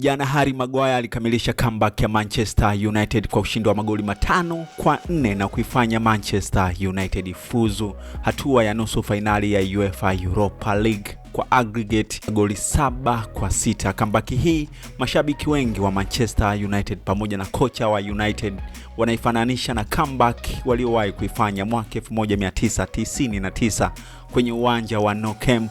Jana Harry Maguire alikamilisha comeback ya Manchester United kwa ushindi wa magoli matano kwa nne na kuifanya Manchester United fuzu hatua ya nusu fainali ya UEFA Europa League kwa aggregate goli saba kwa sita. Kambaki hii mashabiki wengi wa Manchester United pamoja na kocha wa United wanaifananisha na comeback waliowahi kuifanya mwaka 1999 kwenye uwanja wa Nou Camp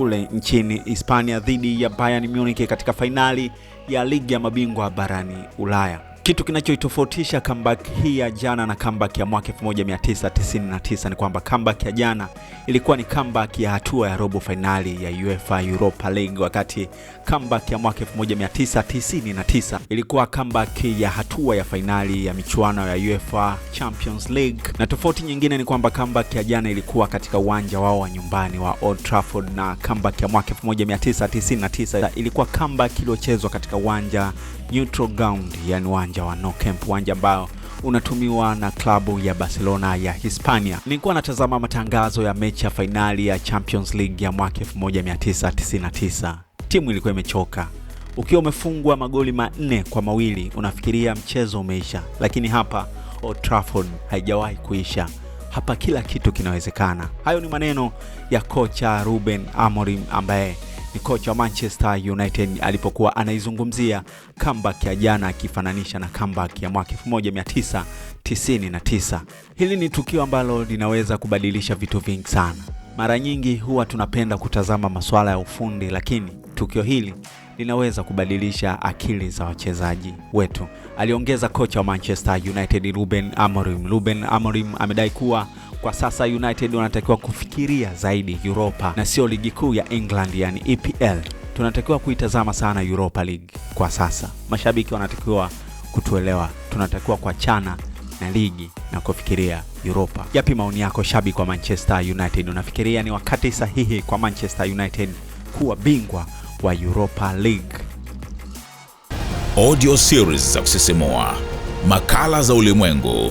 kule nchini Hispania dhidi ya Bayern Munich katika fainali ya ligi ya mabingwa barani Ulaya. Kitu kinachoitofautisha comeback hii ya jana na comeback ya mwaka 1999 ni kwamba comeback ya jana ilikuwa ni comeback ya hatua ya robo fainali ya UEFA Europa League, wakati comeback ya mwaka 1999 ilikuwa comeback ya hatua ya fainali ya michuano ya UEFA Champions League. Na tofauti nyingine ni kwamba comeback ya jana ilikuwa katika uwanja wao wa nyumbani wa Old Trafford, na comeback ya mwaka 1999 ilikuwa comeback iliyochezwa katika uwanja neutral ground, yani uwanja wa no camp, uwanja ambao unatumiwa na klabu ya Barcelona ya Hispania. Nilikuwa natazama matangazo ya mechi ya fainali ya Champions League ya mwaka 1999. Timu ilikuwa imechoka. Ukiwa umefungwa magoli manne kwa mawili unafikiria mchezo umeisha, lakini hapa Old Trafford haijawahi kuisha. Hapa kila kitu kinawezekana. Hayo ni maneno ya kocha Ruben Amorim ambaye ni kocha wa Manchester United alipokuwa anaizungumzia comeback ya jana akifananisha na comeback ya mwaka 1999. Hili ni tukio ambalo linaweza kubadilisha vitu vingi sana. Mara nyingi huwa tunapenda kutazama masuala ya ufundi, lakini tukio hili linaweza kubadilisha akili za wachezaji wetu, aliongeza kocha wa Manchester United Ruben Amorim. Ruben Amorim amedai kuwa kwa sasa United wanatakiwa kufikiria zaidi Europa na sio ligi kuu ya England, yani EPL. Tunatakiwa kuitazama sana Europa League kwa sasa. Mashabiki wanatakiwa kutuelewa, tunatakiwa kuachana na ligi na kufikiria Europa. Yapi maoni yako shabiki wa Manchester United? Unafikiria ni wakati sahihi kwa Manchester United kuwa bingwa wa Europa League? Audio series za kusisimua, makala za ulimwengu